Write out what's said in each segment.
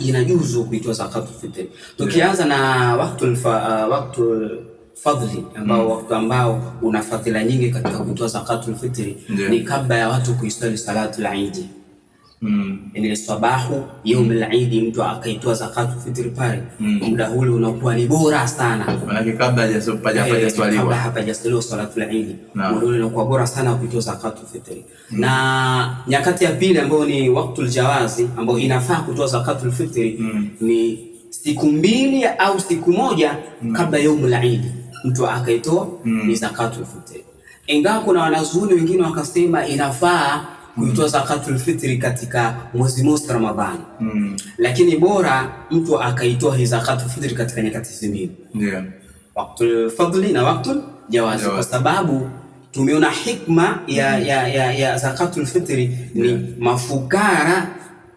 inajuzu kuitwa zakatul fitr. Tukianza na waktu uh, waqtul fadhli ambao mm. wakati ambao una fadhila nyingi katika kutoa zakatul fitri yeah. ni kabla ya watu kuisali la Eid Mm. Ndio sabahu yaum al-Eid mtu akaitoa zakatu fitri pale. Mm. Muda ule unakuwa ni bora sana. Maana kabla eh, hajaswaliwa. Kabla hajaswaliwa salatu al-Eid. Muda ule unakuwa bora sana kuitoa zakatu fitri. Mm. Na nyakati ya pili ambayo ni waktul jawazi ambayo inafaa kutoa zakatu al-fitri mm. ni siku mbili au siku moja mm. kabla yaum al-Eid mtu akaitoa mm. ni zakatu al-fitri. Ingawa kuna wanazuoni wengine wakasema inafaa kuitoa zakatul fitri katika mwezi mosi Ramadhani mm. Lakini bora mtu akaitoa hii zakatul fitri katika nyakati hizi mbili yeah. Waktul fadli na waktul jawazi kwa sababu tumeona hikma ya, ya, ya, ya zakatul fitri ni mafukara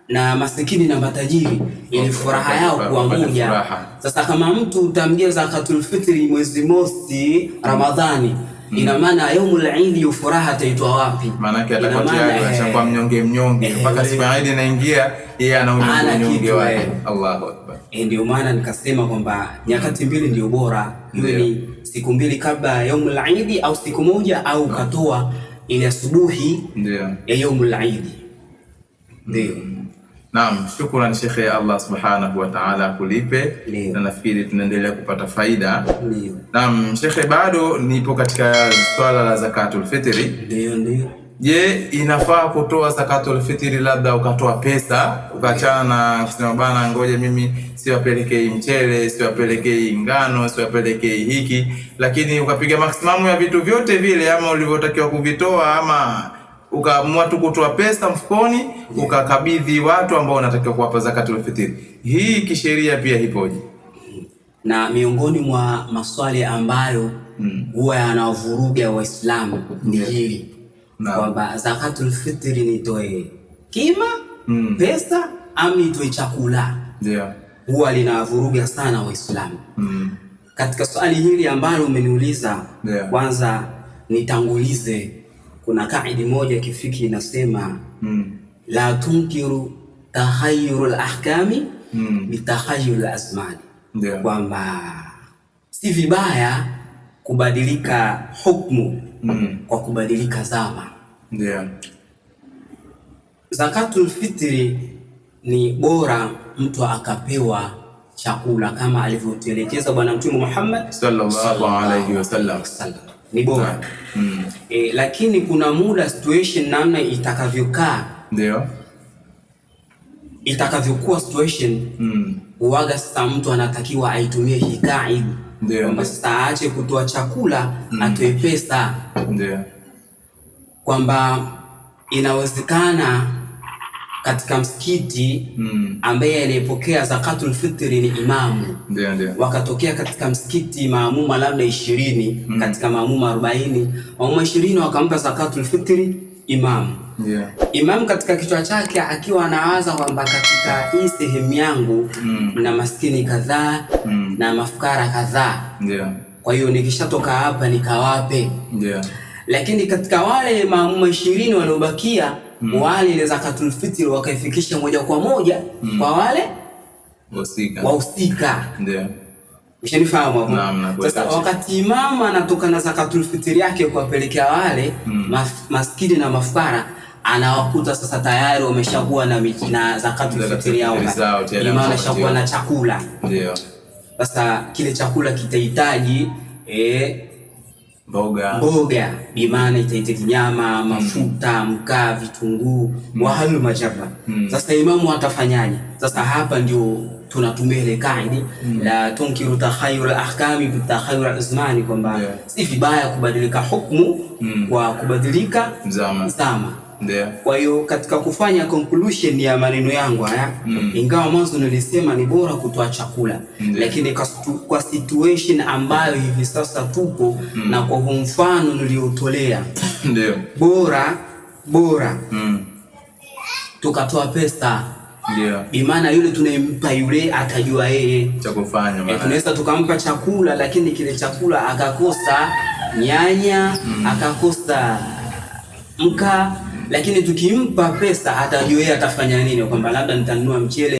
na masikini na matajiri ili yaani furaha yao kuwa moja. Sasa kama mtu utamgia zakatul fitri mwezi mosi Ramadhani mm. Mm. Ina maana yaumul idi ufuraha taitwa wapi? Maana yake eh, mnyonge mnyonge eh, mpaka siku ya idi inaingia, yeye anaona mnyonge wake. Eh. Allahu akbar. ndio maana nikasema kwamba mm. nyakati mbili ndio bora, iwe ni siku mbili kabla yaumu idi au siku moja au mm. katoa ile asubuhi ya yaumu idi. Ndio. Naam, shukrani shekhe, Allah subhanahu wa ta'ala akulipe, na nafikiri tunaendelea kupata faida. Naam shekhe, bado nipo katika swala la zakatul fitri. Ndio, ndio. Je, inafaa kutoa zakatul fitri, labda ukatoa pesa ukachana na kusema bana, ngoja mimi siwapelekei mchele, siwapelekei ngano, siwapelekei hiki, lakini ukapiga maksimamu ya vitu vyote vile ama ulivyotakiwa kuvitoa ama ukaamua tu kutoa pesa mfukoni ukakabidhi watu ambao wanatakiwa kuwapa zakatul fitri. Hii kisheria pia ipoje? Na miongoni mwa maswali ambayo hmm. huwa hmm, yanawavuruga Waislamu ni hili kwamba zakatul fitri nitoe kima hmm, pesa au nitoe chakula yeah. Huwa linawavuruga sana Waislamu hmm. Katika swali hili ambalo umeniuliza yeah, kwanza nitangulize kuna kaidi moja kifiki inasema mm. la tunkiru tahayyuru lahkami mm. bitahayyul asmani yeah. kwamba si vibaya kubadilika hukmu mm. kwa kubadilika zama yeah. Zakatul fitri ni bora mtu akapewa chakula kama alivyotuelekeza Bwana Mtume Muhammad sallallahu alaihi wasallam ni bora mm. E, lakini kuna muda situation namna itakavyokaa ndio itakavyokuwa situation mm. Uwaga sasa, mtu anatakiwa aitumie hii ndio, kwamba sasa aache kutoa chakula mm. atoe pesa, ndio kwamba inawezekana katika msikiti mm. ambaye aliyepokea zakatul fitri ni imamu yeah, yeah. Wakatokea katika msikiti maamuma labda ishirini mm. katika maamuma arobaini maamuma ishirini wakampa zakatul fitri imamu yeah. Imamu katika kichwa chake akiwa anawaza kwamba katika hii sehemu yangu mm. na maskini kadhaa mm. na mafukara kadhaa yeah. Kwa hiyo nikishatoka hapa nikawape yeah. Lakini katika wale maamuma ishirini waliobakia mm. wale ile zakatul fitr wakaifikisha moja kwa moja mm. kwa wale wahusika ndio. Ushanifahamu hapo. Sasa wakati imama anatoka na zakatul fitr yake kuwapelekea wale mm. maskini na mafukara anawakuta sasa tayari wameshakuwa na, na zakatul fitr yao, imama ameshakuwa na chakula. Ndio. Sasa kile chakula kitahitaji eh, mboga mboga, bi maana itaite mafuta, mkaa, vitunguu, mwahalu mm. majaba. Mm. Sasa imamu atafanyaje? Sasa hapa ndio tunatumia ile kaidi mm. la tunkiru takhayur ahkami bi takhayur azmani, kwamba si vibaya kubadilika hukmu kwa kubadilika zama. Yeah. Kwa hiyo katika kufanya conclusion ya maneno yangu haya mm. ingawa mwanzo nilisema ni bora kutoa chakula mm. lakini kwa, kwa situation ambayo hivi sasa tupo mm. na kwa mfano niliotolea bora bora mm. tukatoa pesa yeah. bimaana yule tunayempa yule atajua yeye cha kufanya. E, tunaweza tukampa chakula lakini kile chakula akakosa nyanya mm. akakosa mka lakini tukimpa pesa hata yeye atafanya nini, kwamba labda nitanunua mchele